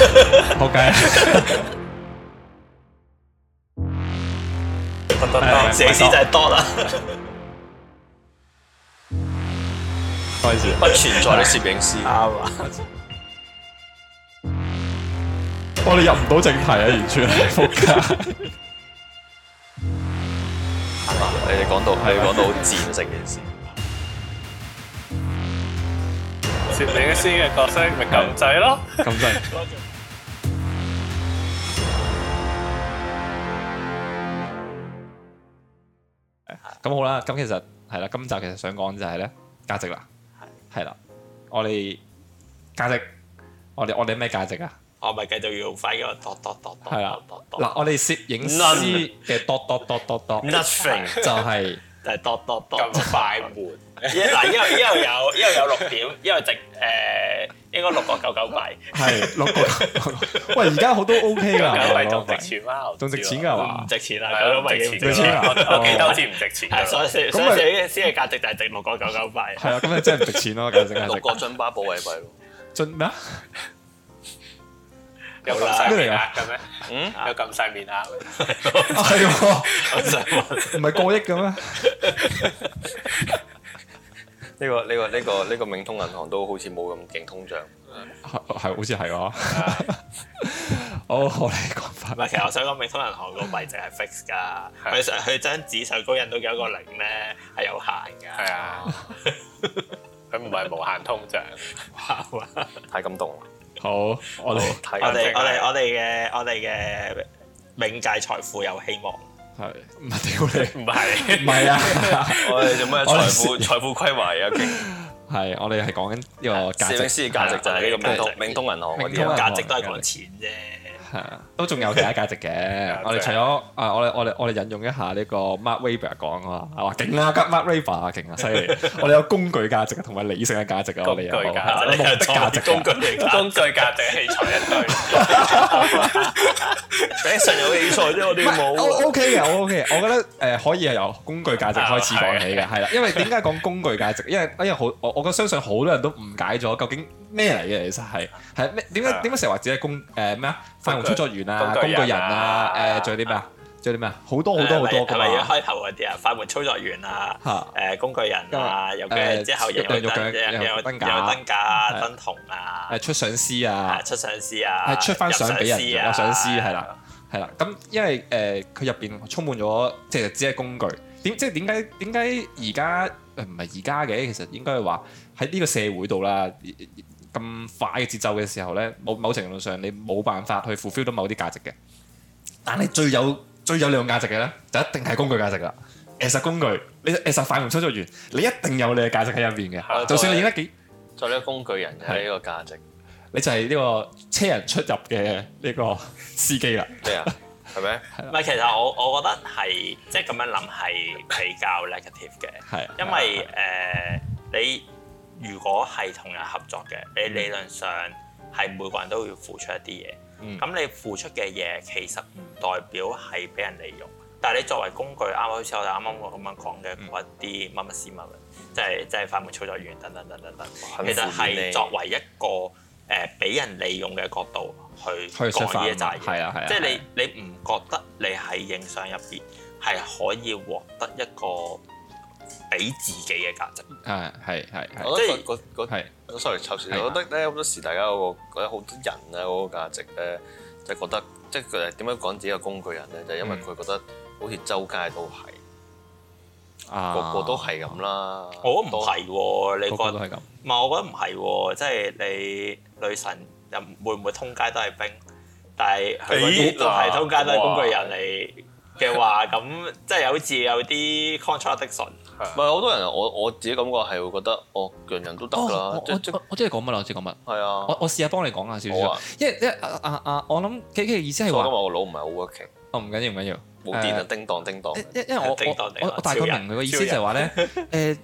好計，攝影師就係多啦，不存在嘅攝影師 吧，我哋入唔到正題啊，完全係复格，係 你哋講到係講到戰成件事，攝影師嘅角色咪狗仔咯，狗仔。 咁好啦，咁、嗯嗯、其實係啦，今集其實想講就係咧價值啦，係啦， 我哋價值，我哋我哋咩價值啊？我咪繼續用返嗰個多多多多，係啦，多多嗱，我哋攝影師嘅多多多多多，nothing 就係。就係多多，剁咁快門，嗱，因為因為有因為有六點，因為值誒應該六個九九幣，係六個。喂，而家好多 O K 噶，仲值錢啊嘛？唔值錢啊，都值錢。我記得好似唔值錢？所以所以啲嘅價值就係值六個九九幣。係啊，咁你真係唔值錢咯，六個津巴布韋幣咯，津咩有嚟、嗯、 啊？面額咩？有咁細面額？係喎，咁細唔係過億嘅咩？呢 、呢個、呢個、呢個、呢個永通銀行都好似冇咁勁通脹，係好似係喎。我你講法，其實我想講永通銀行個幣值係 fixed 㗎，佢佢張紙上高印到幾多個零咧係有限㗎。係啊，佢唔係無限通脹， 太感動啦！好，好，我哋們我哋我哋我哋嘅、嗯、我哋嘅冥界財富有希望，係唔係？唔係唔係啊！ 我哋做咩財富 財富規劃有傾，係我哋係講緊呢個攝影師嘅價值就係呢個冥通，冥通對銀行嘅呢個價值都係講錢啫。係啊，都仲有其他價值嘅。我哋除咗啊，我哋我哋我哋引用一下呢個 Max Weber 講啊，話勁啊，跟 Max Weber 勁啊，犀利。我哋有工具價值同埋理性嘅價值啊，我哋有工具價值、工具價值、工具價值、器材一堆。Fashion 有器材啫，我哋冇。O K 嘅，O K 嘅。我覺得誒可以係由工具價值開始講起嘅，係啦。因為點解講工具價值？因為因為好，我我覺得相信好多人都誤解咗究竟。咩嚟嘅？其實係係咩？點解點解成日話自己係工誒咩啊？快門操作員啊，工具人啊，誒仲有啲咩啊？仲有啲咩啊？好多好多好多嘅嘛！開頭嗰啲啊，快門操作員啊，誒工具人啊，有嘅之後有燈，又有燈架，燈架燈筒啊，出相師啊，出相師啊，係出翻相俾人啊，相師係啦，係啦。咁因為誒佢入邊充滿咗，其實只係工具。點即係點解點解而家唔係而家嘅？其實應該係話喺呢個社會度啦。咁快嘅節奏嘅時候呢，某某程度上你冇辦法去 fulfill 到某啲價值嘅。但係最有最有利用價值嘅呢，就一定係工具價值啦。其實工具，你其實快門操作員，你一定有你嘅價值喺入邊嘅。了就算你影得幾，再做工具人嘅呢個價值，是你就係呢個車人出入嘅呢個司機啦。咩啊？係咪？唔係，其實我我覺得係即係咁樣諗係比較 negative 嘅。係是，因為誒、呃、你。如果係同人合作嘅，你理論上係每個人都要付出一啲嘢。咁、嗯、你付出嘅嘢其實唔代表係俾人利用，但係你作為工具，啱開始我哋啱啱咁樣講嘅嗰一啲乜乜斯乜，即係即係快門操作員等等等等等、等，其實係作為一個誒俾人利用嘅角度去講呢啲責任，即係、啊啊、你、啊啊、你唔覺得你喺影相入邊係可以獲得一個？俾自己嘅價值係係係，即係個個、啊啊。我 sorry 插少，我覺得咧，好多時，大家個覺得好多人啊，嗰個價值咧，就覺得即係佢點樣講自己嘅工具人咧，就因為佢覺得好似周街都係個個都係咁啦。我唔係你覺得？係咁，唔係我覺得唔係，即係你女神又會唔會通街都係兵？但係佢都係通街都係工具人嚟嘅話，咁即係好似有啲 contradiction 唔係好多人，我我自己感覺係會覺得，哦，人人都得啦。我即我知你講乜啦，我知講乜。係啊，我我試下幫你講下少少。因為因為啊啊，我諗 K K 嘅意思係話，因為我腦唔係好 working。哦，唔緊要唔緊要，冇電啊，叮當叮當。因因為我我大概明佢嘅意思就係話咧，誒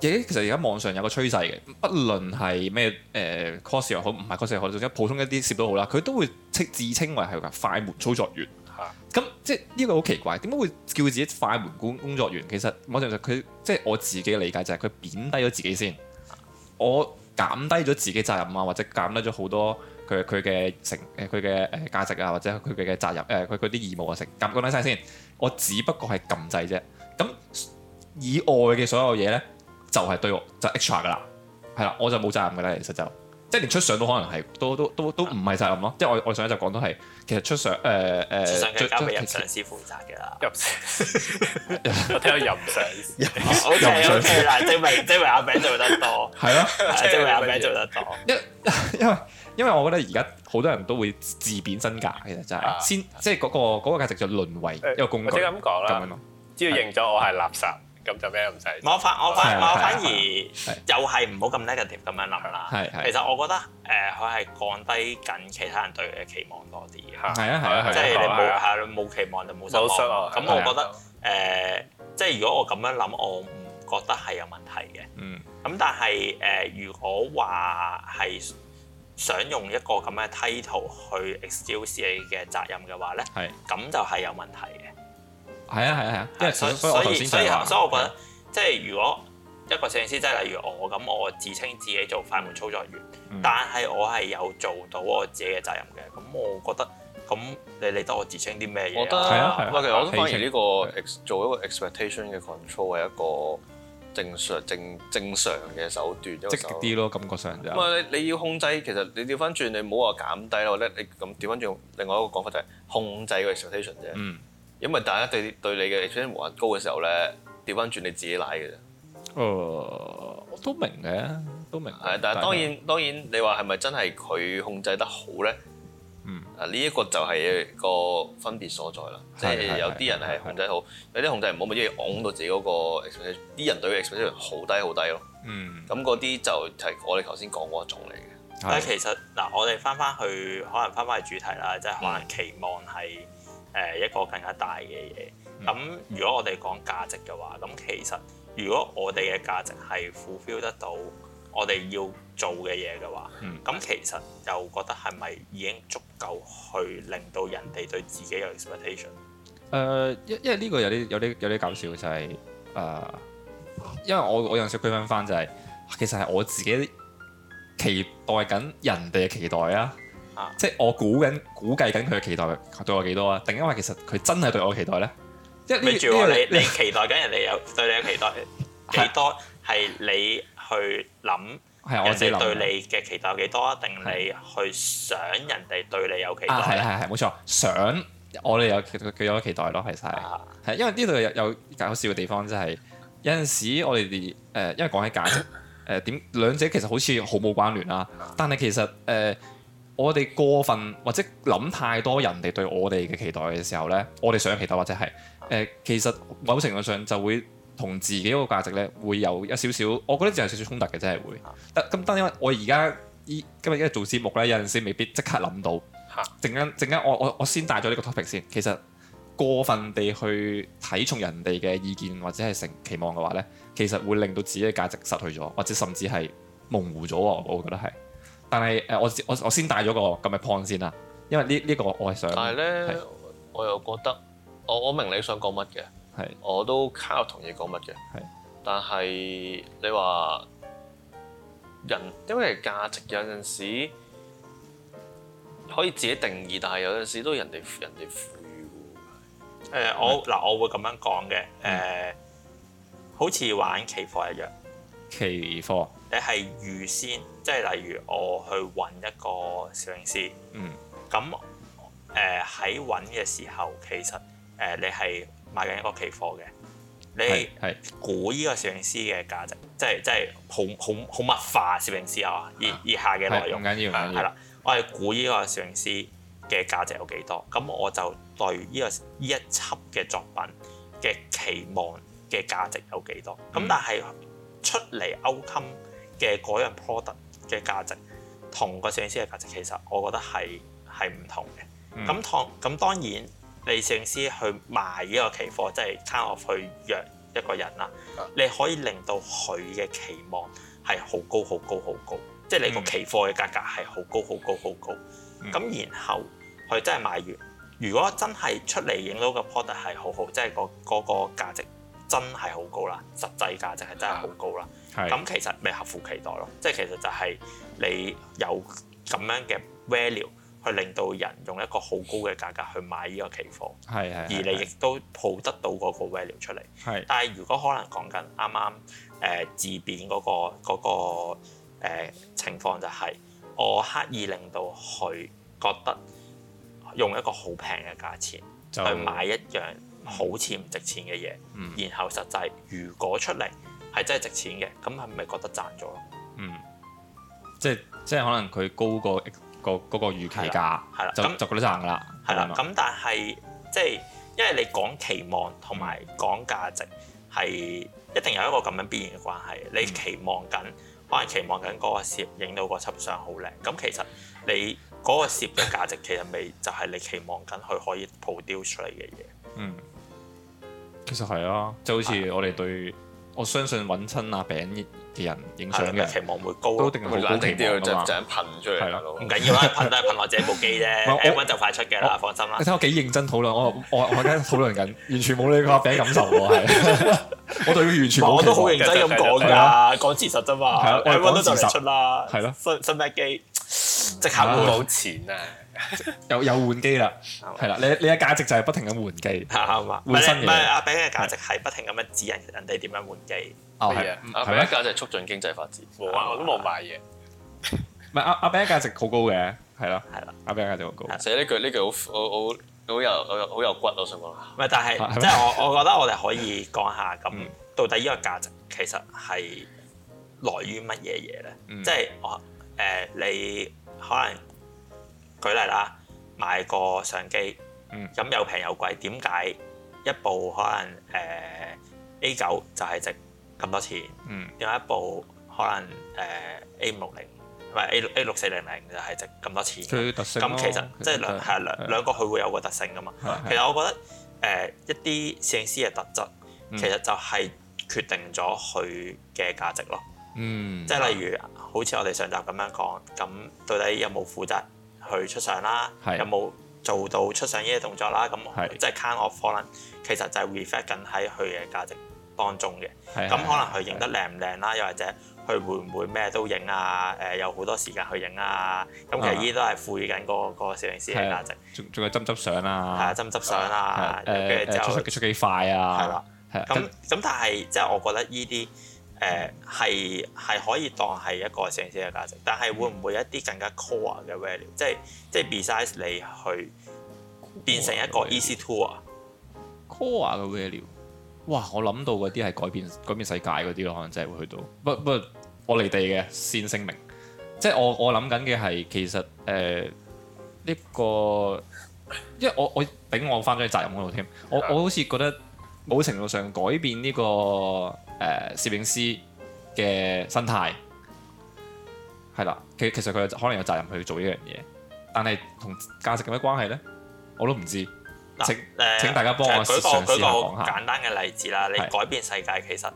其實而家網上有個趨勢嘅，不論係咩誒 course 又好，唔係 course 又好，或者普通一啲攝都好啦，佢都會稱自稱為係快門操作員。咁即係呢個好奇怪，點解會叫自己快門工工作員？其實網上就佢即係我自己嘅理解就係佢貶低咗自己先，我減低咗自己責任啊，或者減低咗好多佢佢嘅成誒佢嘅誒價值啊，或者佢嘅嘅責任誒佢啲義務啊成減低晒先，我只不過係撳掣啫，咁以外嘅所有嘢咧就係對我就係 extra 噶啦，係啦，我就冇責任噶啦，其實就。即係連出相都可能係，都都都都唔係責任咯。即係我我上一集講到係，其實出相誒誒，出相嘅人上司負責嘅啦。我聽到任上司。好正啊！證明證明阿炳做得多。係咯，證明阿炳做得多。因因為因為我覺得而家好多人都會自貶身價，其實就係先即係嗰個嗰個價值就淪為一個工具。即係咁講啦，只要認咗我係垃圾。咁就咩都唔使。我反我反我反而又係唔好咁 negative 咁樣諗啦。其實我覺得誒佢係降低緊其他人對佢嘅期望多啲嘅。係啊係啊係，即係你冇係冇期望就冇失望。好、啊吧。冇失望。咁我覺得誒、呃、即係如果我咁樣諗，我唔覺得係有問題嘅。嗯。咁但係誒，如果話係想用一個咁嘅 title 去 excuse 你嘅責任嘅話咧，係。咁就係有問題嘅。係啊係啊係啊，所以所以所以所以，所以我覺得即係如果一個攝影師，即係例如我咁，我自稱自己做快門操作員，嗯、但係我係有做到我自己嘅責任嘅。咁我覺得咁你理得我自稱啲咩嘢？我覺得、啊，啊啊、其實我都反而呢、呢個、啊、做一個 expectation 嘅 control 係一個正常正正常嘅手段，積極啲咯，感覺上就唔係你你要控制，其實你調翻轉你唔好話減低啦，或者你咁調翻轉另外一個講法就係控制個 expectation 啫、嗯。因為大家對對你嘅 expectation 高嘅時候咧，調翻轉你自己奶嘅啫。誒，我都明嘅，都明。係但係當然當然，你話係咪真係佢控制得好咧？嗯。啊，呢一個就係個分別所在啦，即係有啲人係控制好，有啲控制唔好咪即係到自己嗰個 expectation 啲人對於 expectation 好低好低咯。嗯。咁嗰啲就係我哋頭先講嗰一種嚟嘅。但啊。其實嗱，我哋翻翻去，可能翻翻去主題啦，即係可能期望係。誒一個更加大嘅嘢，咁如果我哋講價值嘅話，咁其實如果我哋嘅價值係 fulfill 得到，我哋要做嘅嘢嘅話，咁其實又覺得係咪已經足夠去令到人哋對自己有 expectation？誒、呃，因因為呢個有啲有啲有啲搞笑就係、是、誒、呃，因為我我有少區分翻就係、是、其實係我自己期待緊人哋嘅期待啊。即係我估緊、估計緊佢嘅期待對我幾多啊？定因為其實佢真係對我期待咧？因為等是你 你期待緊人哋有對你嘅期待幾多？係你去諗，係我哋諗，人哋對你嘅期待有幾多？定你去想人哋對你有期待啊？係係係冇錯，想我哋有佢有期待咯，其實係、啊，因為呢度有有搞笑嘅地方、就是，就係有陣時我哋誒、呃，因為講起價值誒，點兩、 呃、者其實好似毫無關聯啦，但係其實誒。呃我哋過分或者諗太多人哋對我哋嘅期待嘅時候呢，我哋想期待或者係誒、呃，其實某程度上就會同自己個價值呢會有一少少，我覺得就係少少衝突嘅，真係會。啊、但咁，但因為我而家依今日一做節目呢，有陣時未必即刻諗到。嚇、啊！陣間陣間我我我先帶咗呢個 topic 先。其實過分地去睇重人哋嘅意見或者係成期望嘅話呢，其實會令到自己嘅價值失去咗，或者甚至係模糊咗。我覺得係。但係誒，我我我先帶咗個咁嘅 point 先啦，因為呢呢、呢個我係想。但係咧，是我又覺得我我明你想講乜嘅，係是我都卡入同意講乜嘅，係是。但係你話人，因為價值有陣時可以自己定義，但係有陣時都人哋人哋賦予嘅。誒，我嗱，我會咁樣講嘅，誒、呃，嗯、好似玩期貨一樣。期貨。你係預先，即係例如我去揾一個攝影師，嗯，咁誒喺揾嘅時候，其實誒、呃、你係買緊一個期貨嘅，你係估呢個攝影師嘅價值，即係即係好好好物化攝影師啊，以以下嘅內容係緊要嘅，係啦，我係估呢個攝影師嘅價值有幾多，咁我就對呢、呢個呢一輯嘅作品嘅期望嘅價值有幾多，咁但係、嗯、出嚟勾襟。嘅嗰樣 product 嘅價值同個攝影師嘅價值其實我覺得係係唔同嘅。咁當咁當然，你攝影師去賣呢個期貨，即係差我去約一個人啦。的你可以令到佢嘅期望係好高、好高、好高，即係、嗯、你個期貨嘅價格係好高、好高、好高。咁、嗯、然後佢真係買完，如果真係出嚟影到個 product 係好好，即係個嗰個價值真係好高啦，實際價值係真係好高啦。的咁其實咪合乎期待咯，即係其實就係你有咁樣嘅 value 去令到人用一個好高嘅價格去買呢個期貨，係而你亦都抱得到嗰個 value 出嚟，係係但係如果可能講緊啱啱誒自變嗰個嗰個呃情況就係、係，我刻意令到佢覺得用一個好平嘅價錢就去買一樣好似唔值錢嘅嘢，嗯、然後實際如果出嚟。係真係值錢嘅，咁係咪覺得賺咗咯？嗯，即係即係可能佢高過、嗰個嗰、嗰個、預期價，係啦，就、嗯、就覺得賺噶啦，係啦的。咁吧但係即係，因為你講期望同埋講價值，係、嗯、一定有一個咁樣必然嘅關係。你期望緊，嗯、可能期望緊嗰個攝影到個輯相好靚，咁其實你嗰個攝影嘅價值其實咪就係你期望緊佢可以 produce 出嚟嘅嘢。嗯，其實係啊，就好似我哋對、嗯。我相信揾親阿餅嘅人影相嘅期望會高，都一定係好高期望噶嘛。就一噴出嚟啦，唔緊要啦，噴都係噴我自己部機啫。M1 就快出嘅啦，放心啦。你睇我幾認真討論，我我我喺度討論緊，完全冇你個阿餅感受喎，係。我對佢完全冇。我都好認真咁講㗎，講事實啫嘛。M1 都就嚟出啦，係咯，新新 Mac 機即刻會冇錢啊！有有換機啦，係啦，你你嘅價值就係不停咁換機，啱嘛？換新，唔係阿餅嘅價值係不停咁樣指引人哋點樣換機，係啊。阿餅嘅價值係促進經濟發展。我都冇買嘢。唔係阿阿餅嘅價值好高嘅，係咯，係啦。阿餅嘅價值好高。所以呢句呢句好，好，好，好有，好有，好有骨咯，想講。唔係，但係即係我，我覺得我哋可以講下咁，到底呢個價值其實係來於乜嘢嘢咧？即係我，誒，你可能。舉例啦，買個相機，咁又平又貴，點解一部可能誒 A9 就係值咁多錢？嗯，另外一部可能誒 A560 唔係 A6, A6400 就係值咁多錢？咁其實即係實兩係兩對對兩個佢會有個特性㗎嘛。對其實我覺得誒一啲攝影師嘅特質對其實就係決定咗佢嘅價值咯。對嗯，即係例如好似我哋上集咁樣講，咁到底有冇負，負責？佢出相啦，有冇做到出相呢啲動作啦？咁即係 count of 功能，其實就係 reflect 緊喺佢嘅價值當中嘅。咁可能佢影得靚唔靚啦，又或者佢會唔會咩都影啊？誒，有好多時間去影啊。咁其實呢啲都係賦予緊嗰個嗰個攝影師嘅價值。仲仲有執執相啊，執執相啊，跟住就出出幾快啊。係啦，咁咁但係即係我覺得依啲。誒係係可以當係一個上市公司價值，但係會唔會一啲更加 core 嘅 value，即係即係 besides 你去變成一個 easy to 啊 core 嘅 value？哇！我諗到嗰啲係改變改變世界嗰啲咯，可能真係會去到。不不，我離地嘅先聲明，即係我我諗緊嘅係其實誒呢、呃呢個，因為我我,我頂我翻咗責任度添，我我好似覺得某程度上改變呢、呢個。誒、呃、攝影師嘅生態係啦，其其實佢可能有責任去做呢樣嘢，但係同價值有咩關係呢？我都唔知。嗱，啊呃、請大家幫我嘗，舉個嘗試下講下簡單嘅例子啦。你改變世界其實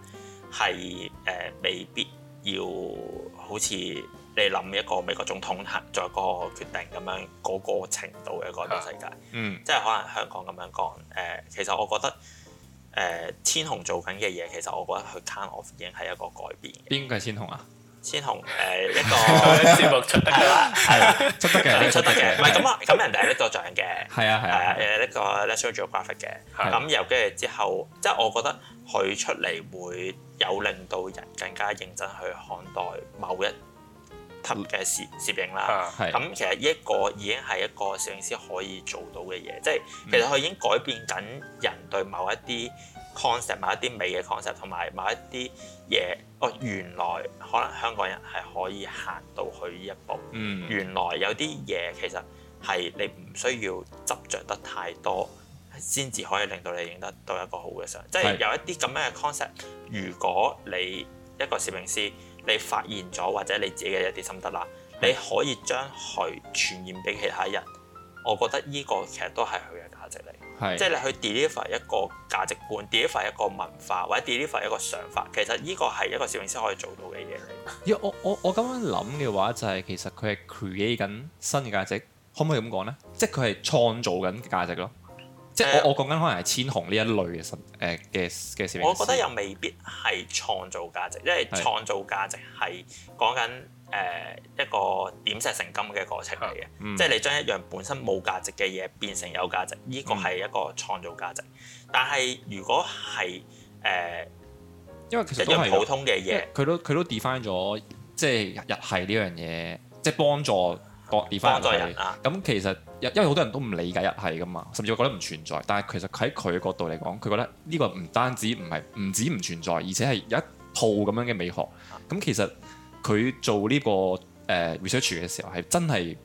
係誒、呃的呃、未必要好似你諗一個美國總統行做一個決定咁樣嗰個程度嘅改變世界。嗯、即係可能香港咁樣講誒、呃，其實我覺得。誒，千紅做緊嘅嘢，其實我覺得佢 turn off 已經係一個改變嘅。邊個係千紅啊？千紅，誒一個節目出得㗎，係啦，出得嘅，出得嘅。唔係咁啊，咁人哋係拎咗獎嘅，係啊係啊，誒拎個 National Geographic 嘅。咁由跟住之後，即係我覺得佢出嚟會有令到人更加認真去看待某一。攝嘅攝影啦，咁、啊、其實呢一個已經係一個攝影師可以做到嘅嘢，即、就、係、是、其實佢已經改變緊人對某一啲 concept、某一啲美嘅 concept 同埋某一啲嘢，哦原來可能香港人係可以行到去呢一步。嗯、原來有啲嘢其實係你唔需要執着得太多，先至可以令到你影得到一個好嘅相。即、就、係、是、有一啲咁樣嘅 concept，是如果你一個攝影師。你發現咗或者你自己嘅一啲心得啦，你可以將佢傳染俾其他人，我覺得呢個其實都係佢嘅價值嚟，是即係你去 deliver 一個價值觀，deliver 一個文化或者 deliver 一個想法，其實呢個係一個攝影師可以做到嘅嘢嚟。依、欸、我我我咁樣諗嘅話，就係、是、其實佢係 create 緊新嘅價值，可唔可以咁講呢？即係佢係創造緊價值咯。即係我我講緊可能係千紅呢一類嘅實嘅嘅。呃、我覺得又未必係創造價值，因為創造價值係講緊誒一個點石成金嘅過程嚟嘅，嗯、即係你將一樣本身冇價值嘅嘢變成有價值，呢個係一個創造價值。嗯、但係如果係誒，呃、因為其實一樣普通嘅嘢，佢都佢都 define 咗，即係日系呢樣嘢，即係幫助。講而翻人咁、啊，其實因因為好多人都唔理解日系噶嘛，甚至會覺得唔存在。但係其實喺佢嘅角度嚟講，佢覺得呢個唔單止唔係唔止唔存在，而且係有一套咁樣嘅美學。咁、嗯、其實佢做呢、呢個誒 research 嘅時候，係真係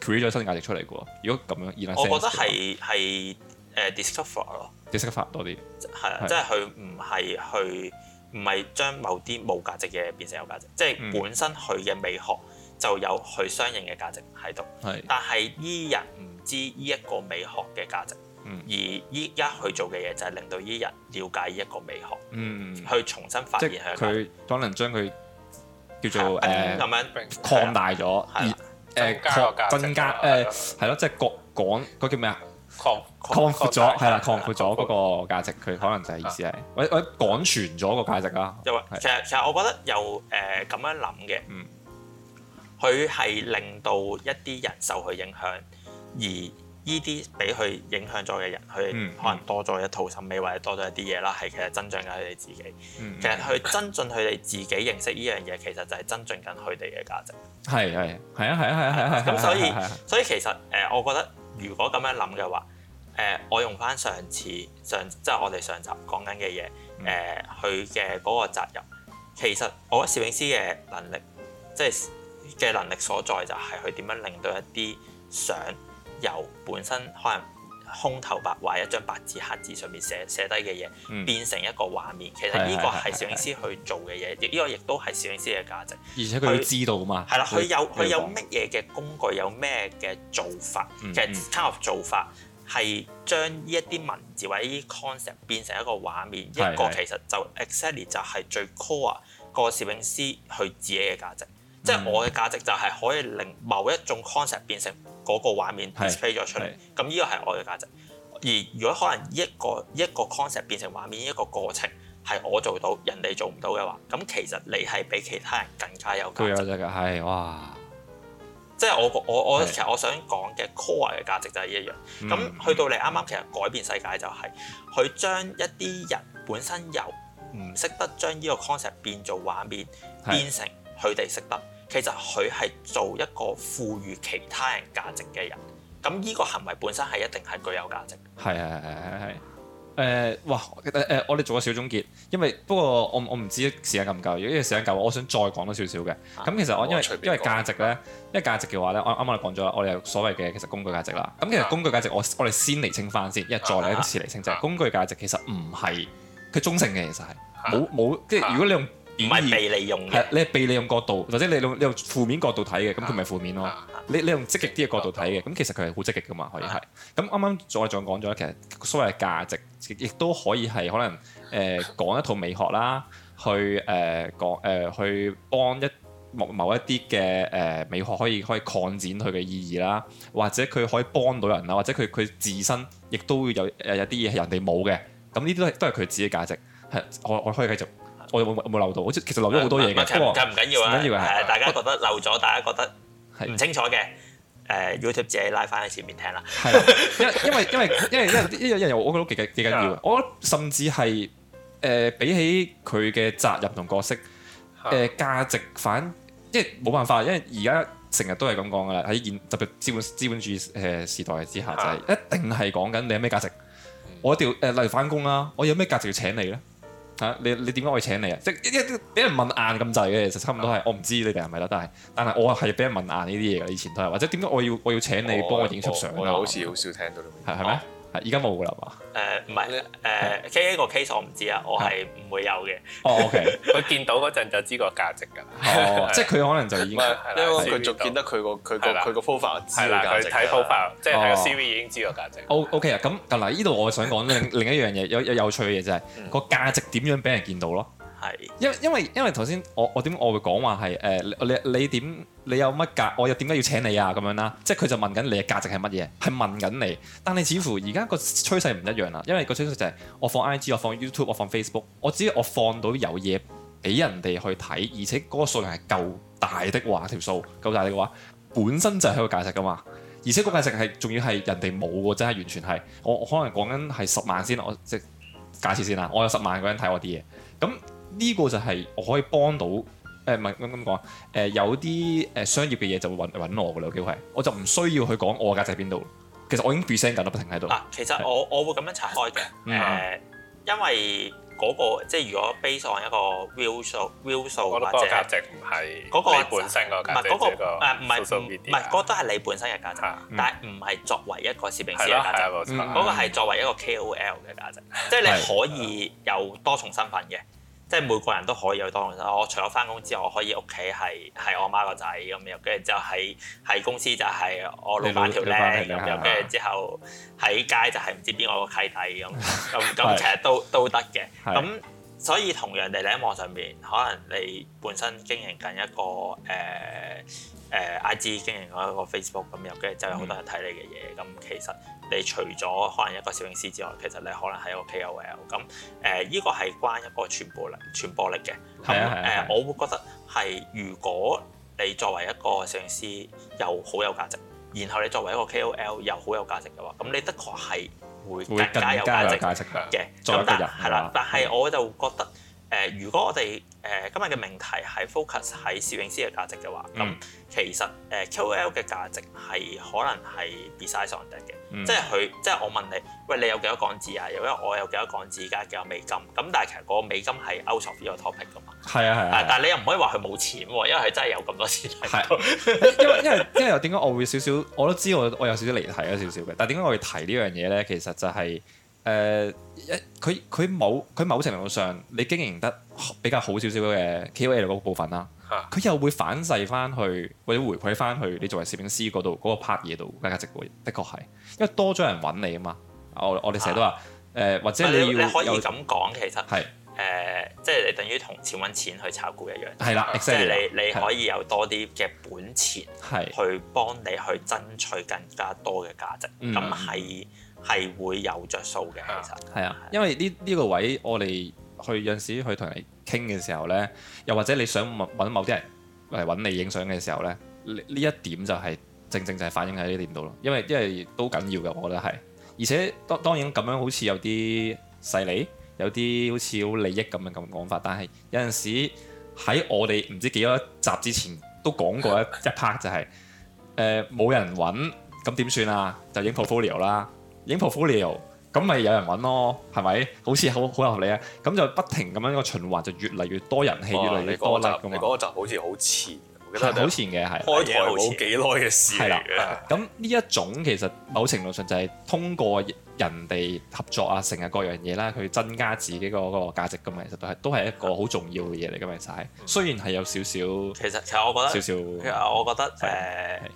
create 咗新價值出嚟噶喎。如果咁樣，我覺得係係誒 discover 咯，discover 多啲係啊，即係佢唔係去唔係將某啲冇價值嘅變成有價值，嗯、即係本身佢嘅美學。就有佢相應嘅價值喺度，但係依人唔知依一個美學嘅價值，而依家去做嘅嘢就係令到依人了解呢一個美學，去重新發現佢。佢可能將佢叫做誒咁樣擴大咗，誒增加誒係咯，即係講叫咩啊？擴擴闊咗係啦，擴闊咗嗰個價值，佢可能就係意思係，我我廣傳咗個價值啦。又話其實其實我覺得又誒咁樣諗嘅，嗯。佢係令到一啲人受佢影響，而呢啲俾佢影響咗嘅人，佢可能多咗一套審美，嗯、或者多咗一啲嘢啦。係其實增進緊佢哋自己。嗯、其實佢增進佢哋自己認識呢樣嘢，其實就係增進緊佢哋嘅價值。係係係啊，係啊，係啊咁， 所以所以其實誒、呃，我覺得如果咁樣諗嘅話，誒、呃，我用翻上次上即係、就是、我哋上集講緊嘅嘢，誒、呃，佢嘅嗰個責任，其實我覺得攝影師嘅能力即係。嘅能力所在就係佢點樣令到一啲相，由本身可能空頭白話一張白紙黑字上面寫寫低嘅嘢，變成一個畫面，其實呢個係攝影師去做嘅嘢，呢、嗯、個亦都係攝影師嘅價值。而且佢要知道嘛，係啦，佢有佢有乜嘢嘅工具，有咩嘅做法，嗯嗯，其實 c o m b i 做法係將呢一啲文字或者啲 concept 變成一個畫面，嗯、一個其實就 exactly 就係最 core 個攝影師佢自己嘅價值。即係我嘅價值就係可以令某一種 concept 變成嗰個畫面 display 咗出嚟，咁呢個係我嘅價值。而如果可能一個一個 concept 變成畫面一個過程係我做到，人哋做唔到嘅話，咁其實你係比其他人更加有價值。係哇，即係我我我其實是我想講嘅 core 嘅價值就係呢一樣，咁、嗯、去到你啱啱其實改變世界就係佢將一啲人本身由唔識得將呢個 concept 變做畫面變成面。是變成佢哋識得，其實佢係做一個賦予其他人價值嘅人，咁呢個行為本身係一定係具有價值。係係係係係。誒、啊啊呃，哇！誒、呃呃、我哋做個小總結，因為不過我我唔知時間夠唔夠，如果時間夠，我想再講多少少嘅。咁、啊、其實我因為我因為價值咧，因為價值嘅話咧，我啱啱講咗，我哋有所謂嘅其實工具價值啦。咁其實工具價值我，我我哋先嚟清返先，一再嚟一次嚟清就係工具價值其實唔係佢中性嘅，其實係冇冇即係如果你用。唔係被利用嘅，係，你係被利用角度，或者你用你用負面角度睇嘅，咁佢咪負面咯？你、啊啊啊、你用積極啲嘅角度睇嘅，咁其實佢係好積極噶嘛，可以係。咁啱啱再再講咗，其實所謂價值亦都可以係可能誒、呃、講一套美學啦，去誒、呃、講誒、呃、去幫一某某一啲嘅誒美學可以可以擴展佢嘅意義啦，或者佢可以幫到人啦，或者佢佢自身亦都會有誒有啲嘢係人哋冇嘅，咁呢啲都係都係佢自己價值係我我可以繼續。我冇冇漏到，即係其實漏咗好多嘢嘅。咁就唔緊要啊！唔緊要，大家覺得漏咗，大家覺得係唔清楚嘅。誒我、呃、YouTube 自己拉翻喺前面聽啦。係啦，因， 因為因為因為因為因為呢樣我覺得幾緊幾緊要。Yeah. 我甚至係誒、呃、比起佢嘅責任同角色誒、呃、價值反，即係冇辦法，因為而家成日都係咁講噶啦。喺現特別資本資本,資本主義誒時代之下，Yeah. 就係一定係講緊你有咩價值。我一定要，例如翻工啦，我有咩價值要請你咧？你你點解我要請你啊？即係一啲俾人問硬咁滯嘅，其實差唔多係我唔知你哋係咪得，但係但係我係俾人問硬呢啲嘢嘅以前都係，或者點解我要我要請你幫我影出相啊？我好似好少聽到你係係咩？嗎係，而家冇啦嘛？誒唔係咧，誒 K A 個 case 我唔知啊，我係唔會有嘅。哦，OK，佢見到嗰陣就知個價值㗎啦。即係佢可能就已經，因為佢仲見得佢個佢個佢個 profile，係啦，佢睇 profile，即係睇 CV 已經知個價值。O O K 啊，咁嗱，呢度我想講另一樣嘢，有有有趣嘅嘢就係個價值點樣俾人見到咯。係，因因為因為頭先我我點我會講話係誒，你你你點你有乜價？我又點解要請你啊？咁樣啦，即係佢就問緊你嘅價值係乜嘢，係問緊你，但係似乎而家個趨勢唔一樣啦。因為個趨勢就係我放 IG，我放 YouTube，我放 Facebook，我只要我放到有嘢俾人哋去睇，而且嗰個數量係夠大的話，條數夠大嘅話，本身就係一個價值噶嘛。而且個價值係仲要係人哋冇嘅，真係完全係我可能講緊係十萬先，我即係假設先啦，我有十萬個人睇我啲嘢，咁。呢個就係我可以幫到誒，唔係咁咁講誒，有啲誒商業嘅嘢就會揾揾我噶啦，有機會，我就唔需要去講我嘅價值喺邊度。其實我已經 present 緊咯，不停喺度。啊，其實我我會咁樣拆開嘅誒，因為嗰個即係如果 base 上一個 view 數，view 數，我覺得價值唔係嗰個本身個價值，唔係嗰個唔係唔係嗰個都係你本身嘅價值，但係唔係作為一個攝影師嘅價值，嗰個係作為一個 KOL 嘅價值，即係你可以有多重身份嘅。即係每個人都可以有多角色，我除咗返工之外，我可以屋企係係我媽個仔咁樣，跟住之後喺喺公司就係我老闆條僆咁樣，跟住之後喺街就係唔知邊個契弟咁。咁咁其實都都得嘅。咁 是所以同樣地，你喺網上邊，可能你本身經營緊一個誒誒、呃呃呃、I G 經營緊一個 Facebook 咁樣，跟住就有好多人睇你嘅嘢。咁其實你除咗可能一個攝影師之外，其實你可能係一個 KOL。咁、呃、誒，依、這個係關一個傳播力、傳播力嘅。係係係。誒、嗯啊呃，我會覺得係，如果你作為一個攝影師又好有價值，然後你作為一個 KOL 又好有價值嘅話，咁你的確係會更加有價值嘅。會更加有價值嘅。咁但係，啊、但我就覺得。誒、呃，如果我哋誒、呃、今日嘅命題係 focus 喺攝影師嘅價值嘅話，咁、嗯、其實誒、呃、KOL 嘅價值係可能係 besides something 嘅，即係佢即係我問你，喂，你有幾多港紙啊？又因為我有幾多港紙、啊，加幾多美金。咁但係其實嗰個美金係 out of 呢個 topic 噶嘛。係啊係啊，啊。但係你又唔可以話佢冇錢喎、啊，因為佢真係有咁多錢喺度、啊。 因為因為因為點解我會少少？我都知我我有少少離題咗少少嘅。但係點解我會提呢樣嘢咧？其實就係、是。誒、一，佢佢冇，佢某程度上，你經營得比較好少少嘅 KOL 嗰部分啦，佢、啊、又會反噬翻去，或者回饋翻去你作為攝影師嗰度嗰個拍嘢度價值，會的確係，因為多咗人揾你啊嘛。我我哋成日都話誒，或者你要你可以咁講，其實係誒是、呃，即係你等於同錢揾錢去炒股一樣，係啦的，即係你你可以有多啲嘅本錢的，係的去幫你去爭取更加多嘅價值，咁係、嗯。係會有着數嘅，其實係啊的，因為呢呢、這個位我哋去有陣時去同人傾嘅時候呢，又或者你想問揾某啲人嚟揾你影相嘅時候呢，呢一點就係、是、正正就係反映喺呢點度咯。因為因為都緊要嘅，我覺得係，而且當當然咁樣好似有啲勢利，有啲好似好利益咁嘅咁講法，但係有陣時喺我哋唔知幾多集之前都講過一 一 part 就係、是、冇、呃、人揾咁點算啊？就影 portfolio 啦。影 portfolio，咁咪有人揾咯，係咪？好似好好合理啊！咁就不停咁樣一個循環，就越嚟越多人氣，越嚟越多啦。咁啊，你嗰集，好似好前，好前嘅，係開台冇幾耐嘅事嚟嘅。咁呢一種其實某程度上就係通過人哋合作啊，成日各樣嘢啦，去增加自己個個價值㗎嘛。其實都係一個好重要嘅嘢嚟㗎嘛，就係雖然係有少少，其實其實我覺得少少，其實我覺得誒，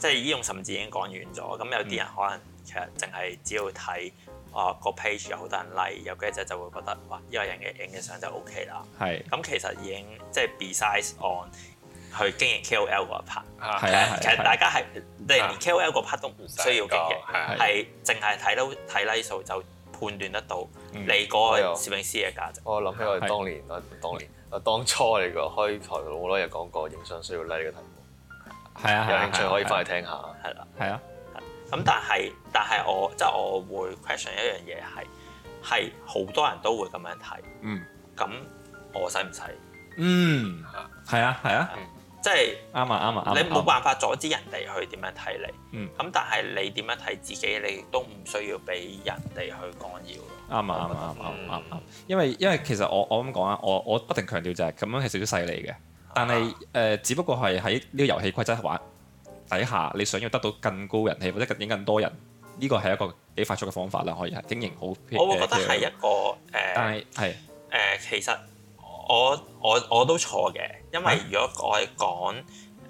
即係呢用甚至已經講完咗。咁有啲人可能。其實淨係只要睇啊個 page 有好多人 like，有幾隻就會覺得哇，呢個人嘅影嘅相就 OK 啦。係，咁其實已經即係 besides on 去經營 KOL 嗰 part。係係其實大家係連 KOL 個 part 都唔需要經營，係淨係睇到睇 like 數就判斷得到你個攝影師嘅價值。我諗起我哋當年，我當年我當初嚟講開台，好多日講過影相需要 like 嘅個題目。係啊，有興趣可以翻去聽下。係啦。係啊。咁、嗯嗯、但係，但係我即係、就是、我會 question 一樣嘢係，係好多人都會咁樣睇。是是是嗯。咁我使唔使？啊、嗯。係、就是、啊，係啊。即係啱啊，啱啊，啱、啊、你冇辦法阻止人哋去點樣睇你。嗯、啊。咁但係你點樣睇自己，你都唔需要俾人哋去干擾。啱啊，啱啊，啱、嗯、啊，啱啱、嗯。因為因為其實我我咁講啊，我我，我不停強調就係咁樣 daunting、啊，其實都勢利嘅。但係誒，只不過係喺呢個遊戲規則玩。底下你想要得到更高人氣或者影更多人，呢個係一個幾快速嘅方法啦，可以係經營好。我會覺得係一個，誒、呃，但係係誒，其實我我我都錯嘅，因為如果我係講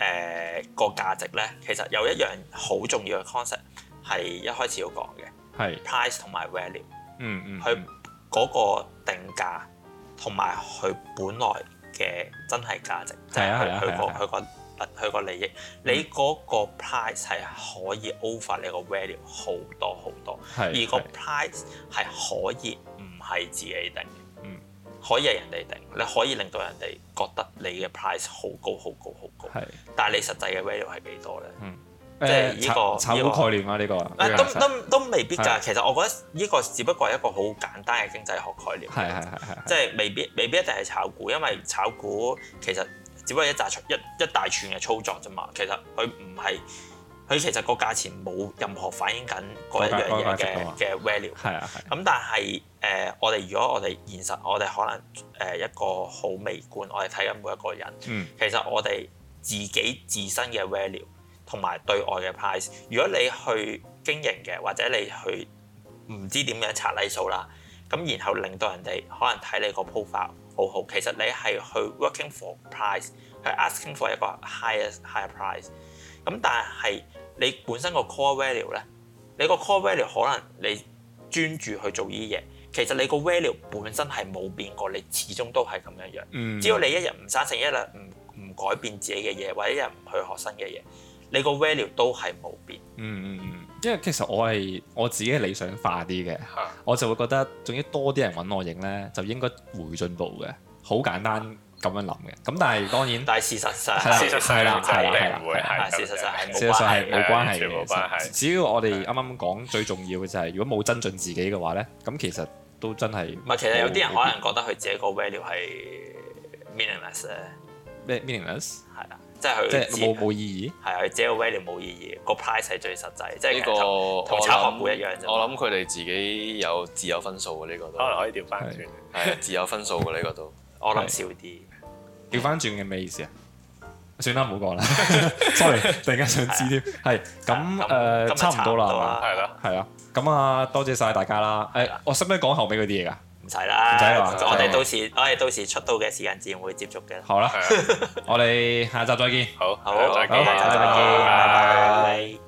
誒個價值咧，其實有一樣好重要嘅 concept 係一開始要講嘅，係是 price 同埋 value、嗯。嗯嗯，佢嗰個定價同埋佢本來嘅真係價值，啊、即係佢個佢個。佢個利益，你嗰個 price 係可以 over 你個 value 好多好多，而個 price 係可以唔係自己定嘅，可以係人哋定，你可以令到人哋覺得你嘅 price 好高好高好高，但係你實際嘅 value 係幾多呢？嗯呃、即係呢、呢個炒，炒股概念啊，呢、啊呢個都都實都未必㗎。是啊、其實我覺得呢個只不過係一個好簡單嘅經濟學概念，係係係即係未必未必一定係炒股，因為炒股其實。只不過一扎一一大串嘅操作啫嘛，其實佢唔係，佢其實個價錢冇任何反映緊嗰一樣嘢嘅嘅 value。係啊係。咁但係誒、呃，我哋如果我哋現實，我哋可能誒一個好微觀，我哋睇緊每一個人。嗯、其實我哋自己自身嘅 value 同埋對外嘅 price，如果你去經營嘅，或者你去唔知點樣查利數啦，咁然後令到人哋可能睇你個 profile。好好，其實你係去 working for price，去 asking for 一個 higher higher price。咁但係你本身個 core value 咧，你個 core value 可能你專注去做呢啲嘢，其實你個 value 本身係冇變過，你始終都係咁樣一樣。只要你一日唔生成一日，唔唔改變自己嘅嘢，或者一日唔去學新嘅嘢，你個 value 都係冇變。嗯嗯。嗯嗯嗯。因為其實我係我自己理想化啲嘅，我就會覺得，仲要多啲人揾我影咧，就應該會進步嘅。好簡單咁樣諗嘅。咁但係當然，但係事實上係，事實上係冇關係嘅，事實上係冇關係嘅。只要我哋啱啱講最重要嘅就係，如果冇增進自己嘅話咧，咁其實都真係唔係。其實有啲人可能覺得佢自己個 value 係 meaningless 嘅，咩 meaningless 係啊？即係佢即冇冇意義，係啊，佢這個 value 冇意義，個 price 係最實際。呢個同炒學股一樣啫。我諗佢哋自己有自有分數嘅呢個都。可能可以調翻轉，係自有分數嘅呢個都。我諗少啲。調翻轉嘅咩意思啊？算啦，唔好講啦。sorry，突然間想知添。係咁誒，差唔多啦。係咯，係啊。咁啊，多謝晒大家啦。誒，我使唔使講後尾嗰啲嘢㗎？唔使啦，唔使，我哋到時的我哋到時出道嘅時間自然會接觸嘅。好啦吧， 我哋下集再見。好，好，再見，好下集再見，拜拜好。